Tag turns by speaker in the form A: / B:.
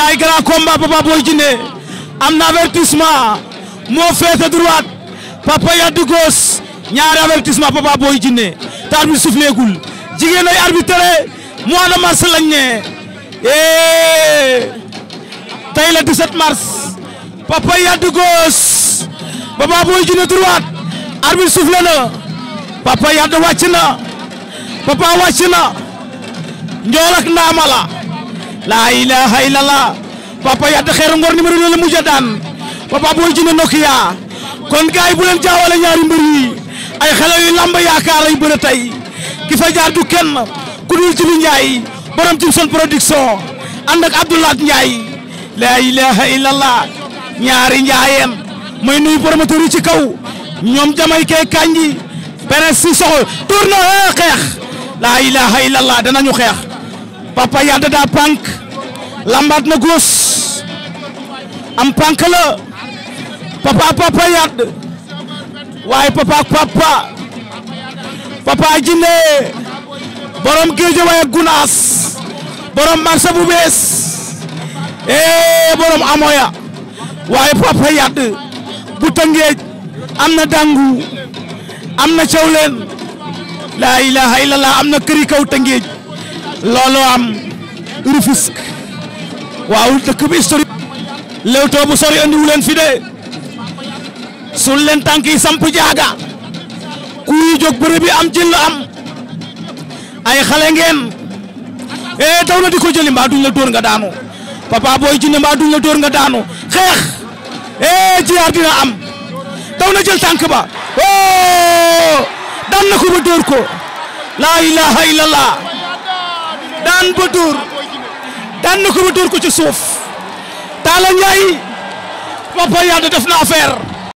A: Ndiaye grand combat Papa Boy Djiné am na avertissement moo féete droite Papa Yade gauche ñaari avertissement Papa Boy Djiné te arbitre souffleegul jigéen ay arbitre mois de mars lañ ne eh! tey la mars Papa Yade gauche Papa Boy Djiné droite arbitre souffle na Papa Yade na Papa wàcc na njool ak ndaama laa ilaha illallah papa yadd xeeru ngor numéro deux la mujj a daan papa booy jine nokia kon gaay bu leen jaawale ñaari mbër ay xale yu lamb yaakaar lay bëre tey ki fa jaar du kenn ku dul Jibi Ndiaye borom Jimson production ànd ak Abdoulaat Ndiaye laa ilaha illallah ñaari njaayeen muy nuyu promoteur yi ci kaw ñoom jamay kee kanji peres si soxo tourne xeex laa ilaha illallah danañu xeex papa yadda daa pànk lambat na góos am pànk la papa papa yàdd waaye papa papa papa jinne borom géeje waaye gunaas borom marché bu ee eh, borom amoya waaye papa yàdd bu tëngeej am na dangu am na cawleen laa ilaaha illallah am na këri kaw tëngeej looloo am Rufisque waaw dëkk bi historique Leewtoo bu sori andiwu leen fi de sul leen tànk samp jaaga ku yi jóg bi am jël la am ay xale ngeen eh daw ko jëli mbaa duñ la dóor nga daanu Papa Boy Djiné mbaa duñ la dóor nga daanu xeex eh jiyaar am daw na jël tànk ba oh daan na ko ba dóor ko laa ilaaha illallah daan ba dóor daan na ko ba dóor ko ci suuf Talla Ndiaye Papa Yade def na